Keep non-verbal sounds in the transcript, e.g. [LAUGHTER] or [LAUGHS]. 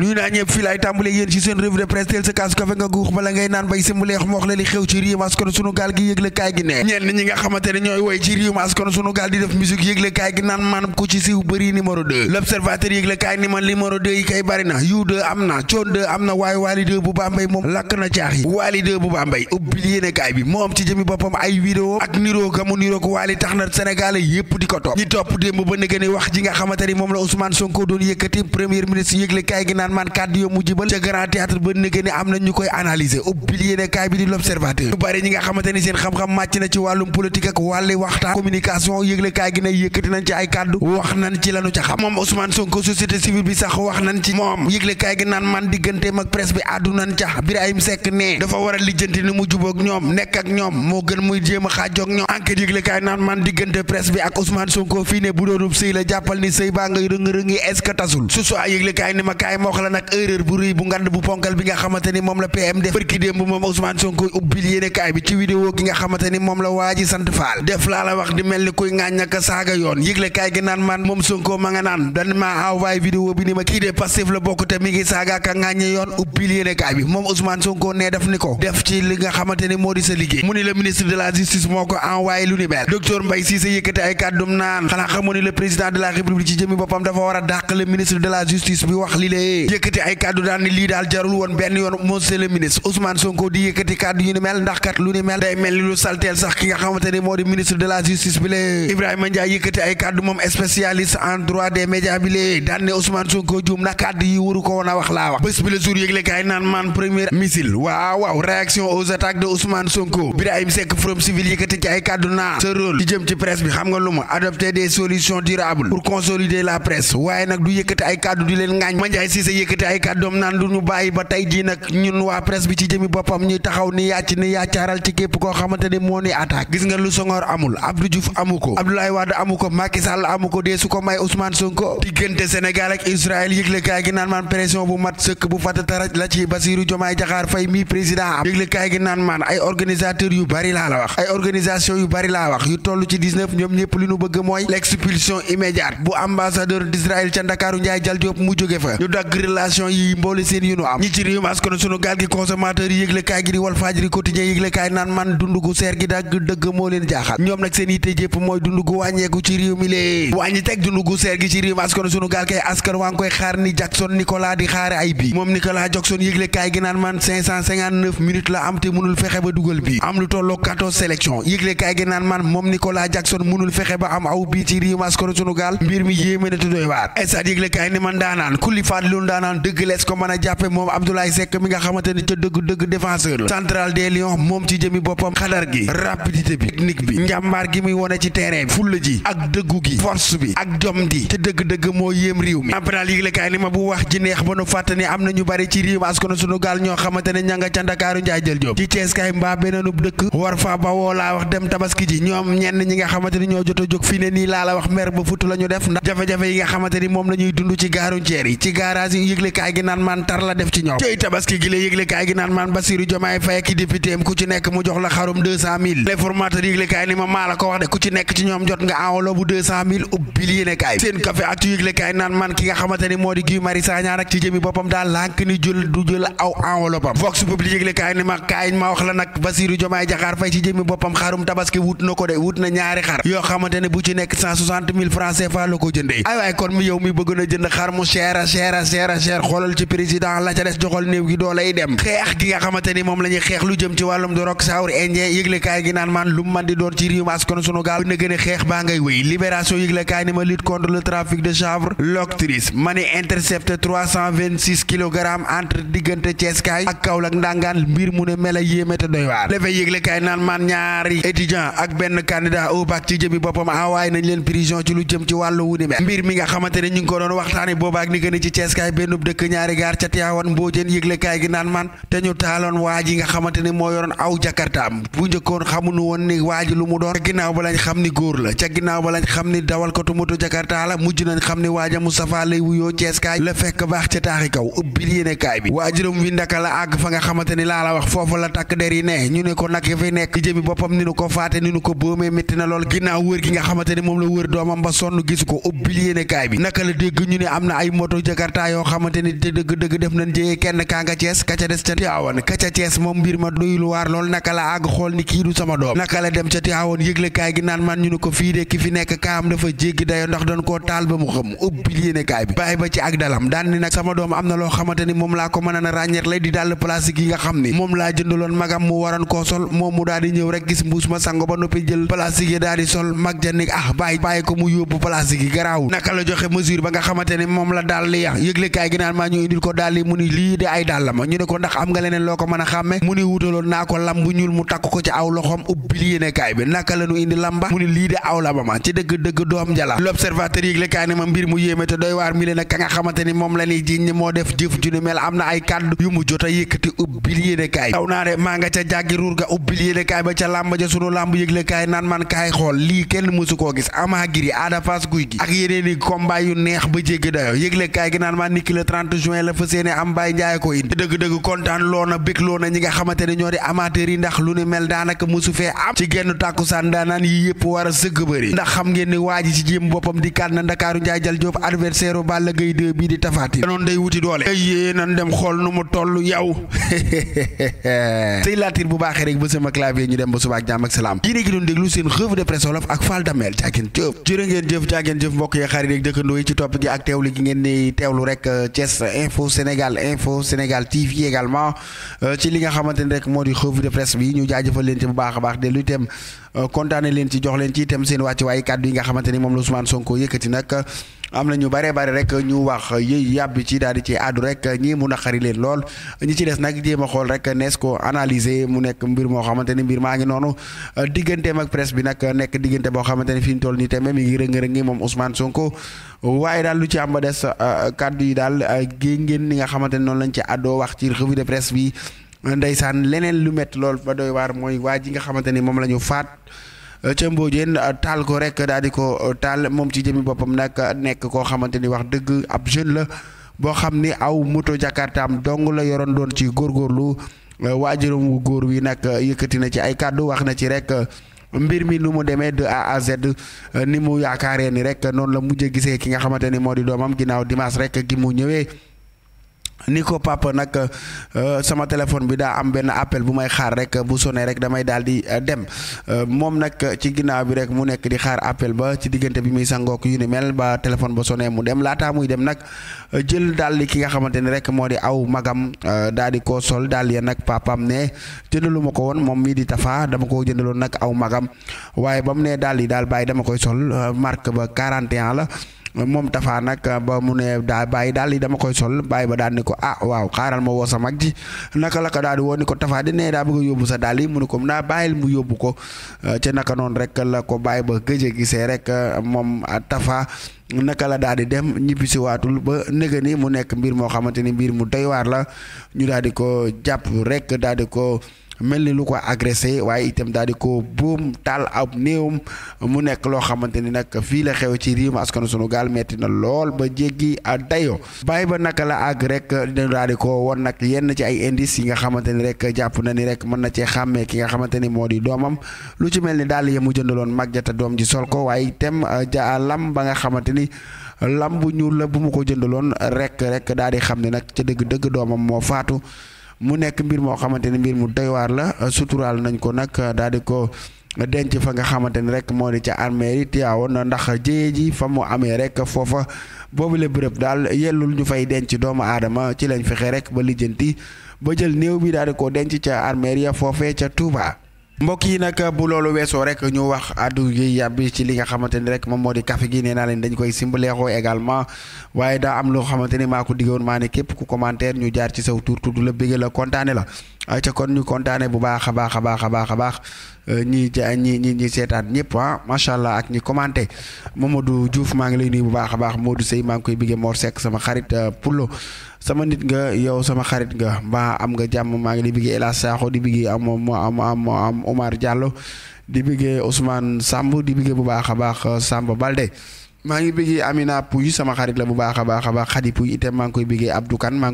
nuyu naa ñëpp fii laay tàmbalee yéen ci seen revue de presse teel kafe nga guux bala ngay naan bay simbuleex moox xew ci réew mi sunu gaal gi yëgle gi ne ñenn ñi nga xamante ñooy woy ci réew mi sunu gaal di def musique yëgle gi naan maanaam ku ci siiw bëri numéro 2 l'observateur yëgle kaay ni yi kay bëri na yu 2 am na coon am na waaye waali 2 bu bambay moom lakk na caax yi waali 2 bu bambay ubbi yéene kaay bi mo ci jëmi boppam ay vidéo ak tax na sénégalais yépp di ko topp ñi topp démb ba ne wax ji moom la Ousmane Sonko naan man kàddu yo mujj ba ca grand théâtre ba nekk ni am na ñu koy analyser oublié ne na ci wàllum politique ak wàlli waxtaan communication moom Ousmane Sonko société civile bi sax wax nañ ci moom yëgle gi naan man a a xaajoog ñoom enquête yëgle kaay naan man diggante presse bi ak Ousmane Sonko fii bu doonub sëy la jàppal ni sëy baa nga rëng-rëngi est-ce tasul su soo ni ma kaay ma wax bu rëy bu ponkal bi nga xamante moom la PM def bërki démb bu moom Ousmane Sonko ubbil yéenekaay bi ci vidéo gi nga xamante moom la ma nga naan dan maa envoyé vidéo bi ni ma kii de Pastef la bokk te mi ngi saaga ka ŋaañe yoon ubbil yéenekaay bi moom Ousmane Sonko ne def ni ko def ci li nga xamante moo di sa liggéey mu ni le ministre de la justice moo ko envoyé lu ni mel docteur Mbaye Cissé yëkkati ay kàddum naan xanaa xamoo ni la république yi yëkkati ay kàddu daan lii daal jarul woon benn yoon monsieur le ministre Ousmane Sonko di yëkkati kàddu yu ni mel ndax kat lu ni mel day mel ni lu salteel sax ki nga xamante moo di ministre de la justice bi lee Ibrahima Ndiaye yëkkati ay kàddu moom spécialiste en droit des médias bi lee daan ne Sonko juum na kàddu yi waru ko woon wax laa wax bés bi le jour yëgle kaay naan man première missile waaw waaw réaction aux attaques de Ousmane Sonko Birahim Seck Forum Civil yëkkati ci ay lu ma adopter des solutions durables pour consolider la presse waaye nag du yëkkati ay kàddu di leen yëkkati ay kàddoom naan du ñu bàyyi ba tey jii nag ñun waa presse bi ci jëmi boppam ñuy taxaw ni yàcc ni yàccaaral ci képp koo xamante ne moo ni attaque gis nga lu Senghor amul Abdou Diouf amu ko Abdoulaye Wade amu ko Macky Sall ko dee su ko may Ousmane Sonko diggante Sénégal ak Israël yëglekaay gi naan maan pression bu mat sëkk bu fàtta taraj la ci Bassirou Diomaye Diakhar Faye mi président am yëglekaay gi naan maan ay organisateurs yu bari laa la wax a organisation yu bari laa wax yu toll ci 19 ñoom ñëpp li ñu bëgg mooy l'expulsion immédiate bu ambassadeur d'Israël ca Ndakaaru Ndiaye Jal relation yi mboole seen yu nu am ñi ci réew mi askan sunu gaal gi consommateur yi yëgle gi naan man dund gu seer gi dagg moo leen jaaxal ñoom nag seen yitte jépp mooy dund gu wàññeeku ci réew mi lee wàññi teg dund gu seer gi ci réew mi askan sunu gaal kay askan waa ngi koy xaar ni Jackson Nicolas di xaare ay bi moom Nicolas Jackson yëgle gi naan man 559 la am te mënul fexe ba dugal bi am lu tolloo 14 sélection yëgle gi naan man ndaanaan dëgg lees ko mën a jàppe moom Abdoulaye Seck mi nga xamante ca dëgg dëgg défenseur la central des moom ci jëmi boppam xadar gi rapidité bi technique bi njàmbaar gi muy wone ci terrain fulla ji ak dëggu gi force bi ak jom di te dëgg-dëgg moo yéem réew mi abral yëglekaay ni ma bu wax ji neex ba nu fàtte ni am na ñu bari ci réew askanu sunu gaal ñoo xamante ne ña nga ca Ndakaaru njaay jël job ci teeskaay mbaa beneenub dëkk war fa ba woo laa wax dem tabaski ñi nga xamante ni ñoo jot a jóg fii ne nii laa la wax mer ba futu la ñu def ndax la ñuy dund ci gaaru yëgle kaay gi naan maan tar la def ci ñoom tey ci nekk naan maan ki nga xamante moo di Guy Marius nag ci jëmi boppam daal lànk ni jël du jël aw enveloppe am vox public yëgle ni ma kaay ma wax la nag Bassirou Diomaye Diakhar Faye ci jëmi boppam xarum tabaski wut na ko de wut na ñaari xar yoo xamante bu ci nekk cent soixante mille ko jëndee ay waay kon mi yow mi bëgg na jënd xar mu cher cher cher a cher xoolal ci président la ca des joxal néew gi doo lay dem xeex gi nga xamante moom la xeex lu jëm ci wàllum dorog saawur indien yëglekaay gi naan maan lu man di doon ci réew askan sunu gaal na gën a xeex baa ngay wéy libération yëglekaay ni ma lutte contre trafic de chanvre l'octrice ma ni intercepté 326 kilogrammes entre diggante Ceeskaay ak Kaolack ndangaan mbir mu ne mel yéeme te doy waar lefe yëglekaay naan maan ñaari étudiant ak benn benn dëkk ñaari gaar ca Tiwaawan mboojeen yëglekaay gi naan man te ñu taaloon waa ji nga xamante moo yoroon aw jakartaam bu njëkkoon xamuñu woon ni waa ji mu doon ca ba lañ xam ni góor la ca ginnaaw ba lañ xam ni dawalkatu moto jakarta la mujj nañ xam ni waaja Moustapha lay wuyoo ceeskaay la fekk baax ca taaxi kaw ubbil yéenekaay bi waajuram wi ndaka la àgg fa nga xamante ni laa la wax foofu la takk der yi ne ko nag nekk jëmi boppam ni nu ko faate ni nu ko boomee métti na lool ginnaaw wër gi nga xamante ni moom la wër doomam ba sonn gisu ko ubbil yéenekaay bi naka la dégg ñu ne am na ay moto jakarta yoo ñoo xamante ni te dëgg-dëgg def nañ jëyee kenn kaa nga Cees ka des ca Tiwaawan ka Cees moom mbir ma doyul waar lool naka la àgg xool ni kii du sama doom naka la dem ca Tiwaawan yëglekaay gi naan man ñu ne ko fii de ki fi nekk kaam dafa jéggi dayo ndax doon ko taal ba mu xam ubbil yéenekaay bi bàyyi ba ci ak dalam daan ni nag sama doom am na loo xamante ni moom laa ko mën a ràññeet lay di dàll plastique yi nga xam ni moom laa jëndaloon magam mu waroon koo sol moom mu daal di ñëw rek gis ma sango ba noppi jël plastique daal di sol mag ja ni ah bàyyi bàyyi ko mu yóbbu plastique naka la joxe mesure ba nga xamante ni moom la daal kaay gi naan maa ñu indil ko daal yi mu ni lii de ay dàll ma ñu ne ko ndax am nga leneen loo ko mën a xàmme mu ni wutaloon naa ko lam bu ñuul mu takk ko ci aw loxoom ubbil yéene kaay bi naka la ñu de aw ma ci dëgg dëgg doom jala l'observateur yëgle kaay ne ma mbir mu yéeme te doy waar mi leen ak nga xamante ni moom la ñuy jiñ ni moo def jëf ju ni mel am na a maa nga ca jàggi ruur ga ubbil yéene kaay ba ca làmb ja sunu làmb yëgle naan man kaay xool lii kenn mësu koo gis ama giri aada fas guy gi ak yeneen naan man ni kilo le juin la fa séene am Baye Ndiaye ko indi dëgg-dëgg kontaan loona bég loona ñi nga xamante ne ñoo di amateur yi ndax lu ni mel daanaka mosu fee am ci genn tàkkusaan daanaan yi yëpp war a sëgg bëri ndax xam ngeen ni waa ji ci jéem boppam di kat na Ndakaaru Ndiaye Jal Diop adversaire u Balla Gaye 2 bii di tafaati danoon day wuti doole yée nan dem xool nu mu toll yow sëy [LAUGHS] laatir bu baaxee rek ba sama clavier ñu dem ba suba jàmm ak salaam yéen a ngi doon déglu seen revue de yi xarit topp gi ak teewlu gi ngeen di teewlu Euh, Thiès Info Sénégal Info Sénégal TV également euh, ci li nga xamante ni rek moo di revue de presse bi ñu jaajëfal leen ci bu baax a baax dellu itam euh, kontaane leen ci jox leen ci itam seen wàcc waaye kàddu yi nga xamante ni moom la Ousmane Sonko yëkkati nag am na ñu bare bare rek ñu wax yëy yàbb ci daal di ci àddu rek ñii mu naqari leen lool ñi ci des nag jéem a xool rek nees ko analyser mu nekk mbir moo xamante ni mbir maa ngi noonu digganteem ak presse bi nag nekk diggante boo xamante ni fi ñu toll nii tamit mi ngi rëng-rëngi moom Ousmane Sonko waaye daal lu ci am ba des euh, kàddu yi daal euh, gé ngeen ni nga xamante ni noonu lañ ci àddoo wax ci revue de presse bi ndeysaan leneen lu métti lool ba doy waar mooy waa ji nga xamante ni moom la ñu faat Euh, ca Mbodiène euh, taal ko rek daal di ko euh, taal moom ci jëmi boppam nag nekk koo xamante ni wax dëgg ab jeune la boo xam ni aw moto jakartaam dong la yoroon doon ci góorgóorlu waajuram wu góor wi nag yëkkati na ci ay kàddu wax na ci rek mbir mi nu mu demee de A à ni mu yaakaaree ni rek noonu la mujjee gisee ki nga xamante ni moo di doomam ginnaaw dimaas rek gi mu ñëwee. ni ko papa nag euh, sama téléphone bi daa am benn appel bu may xaar rek bu sonee rek damay daal di euh, dem euh, moom nag ci ginnaaw bi rek mu nekk di xaar appel ba ci diggante bi muy sangook yu ni mel ba téléphone ba sonee mu dem laataa muy dem nag jël daal ki nga xamante ni rek moo di aw magam daal di koo sol daal di nag papaam ne jëndalu ko woon moom mii di tafa dama koo jëndaloon nag aw magam waaye ba ne daal di daal bàyyi dama koy sol marque ba 41 la. moom tafaa nag euh, ba mu ne daa bàyyi daal yi dama koy sol bàyyi ba daal ni ko ah waaw xaaral ma woo sa mag ji naka la ko daal di woo ko tafaa di ne daa bëgg a yóbbu sa daal yi mu ne ko naa bàyyil mu yóbbu ko euh, ca naka noonu rek la ko bàyyi ba gëj gisee rek euh, moom tafaa naka la daal di dem ñibbisi ba nëga ni mu nekk mbir moo xamante ni mbir mu doy waar la ñu daal di ko jàpp rek daal di ko mel ni lu ko agressé waaye itam daal di ko buum taal ab néewam mu nekk loo xamante ni nag fii la xew ci riim askanu sunu gaal metti na lool ba jéggi dayo bàyyi ba naka la àgg rek dina daal di ko won nag yenn ci ay indice yi nga xamante ni rek jàpp na ni rek mën na cee xàmmee ki nga xamante ni moo di doomam lu ci mel ni daal ya mu loon mag jata doom ji sol ko waaye itam uh, ja lam ba nga xamante ni lam bu ñuul la bu mu ko jëndaloon rek rek daal di xam ni nag ca dëgg dëgg doomam moo faatu mu nekk mbir moo xamante ne mbir mu doy waar la euh, suturaal nañ ko nag euh, daal di ko denc fa nga xamante ni rek moo di ca armée yi Tiwaawoon ndax jëye ji fa mu amee rek foofa boobu la bërëb daal yellul ñu fay denc doomu aadama ci lañ fexe rek ba lijjanti ba jël néew bi daal di ko denc ca armée ya foofee ca tuubaa mbokk yi nag bu loolu weesoo rek ñu wax addu yi yàbbi ci li nga xamante ni rek moom moo di kafe gi nee naa leen dañu koy simbaleexoo également waaye daa am loo xamante ni maa ko diggoon maa ne képp ku commentaire ñu jaar ci saw tur du la bëgg la kontaane la ca kon ñu kontaane bu baax a baax a baax a baax a baax ñi ja ñi ñi ñi seetaan ñëpp ah macha allah ak ñi commenté Mamadou Diouf maa ngi lay nuyu bu baax a baax Modou Sey maa ngi koy biggee Mor sama xarit euh, Pullo sama nit nga yow sama xarit nga mbaa am nga jàmm maa ngi lay biggee El Hadj Sakho di biggee am am am am Omar Diallo di biggee Ousmane Samb di biggee bu baax a baax euh, Samba Balde. maa ngi bëggee Amina Pouy sama xarit la bu baax a baax a baax Xadi Pouy itam maa ngi koy bëggee Abdou Kane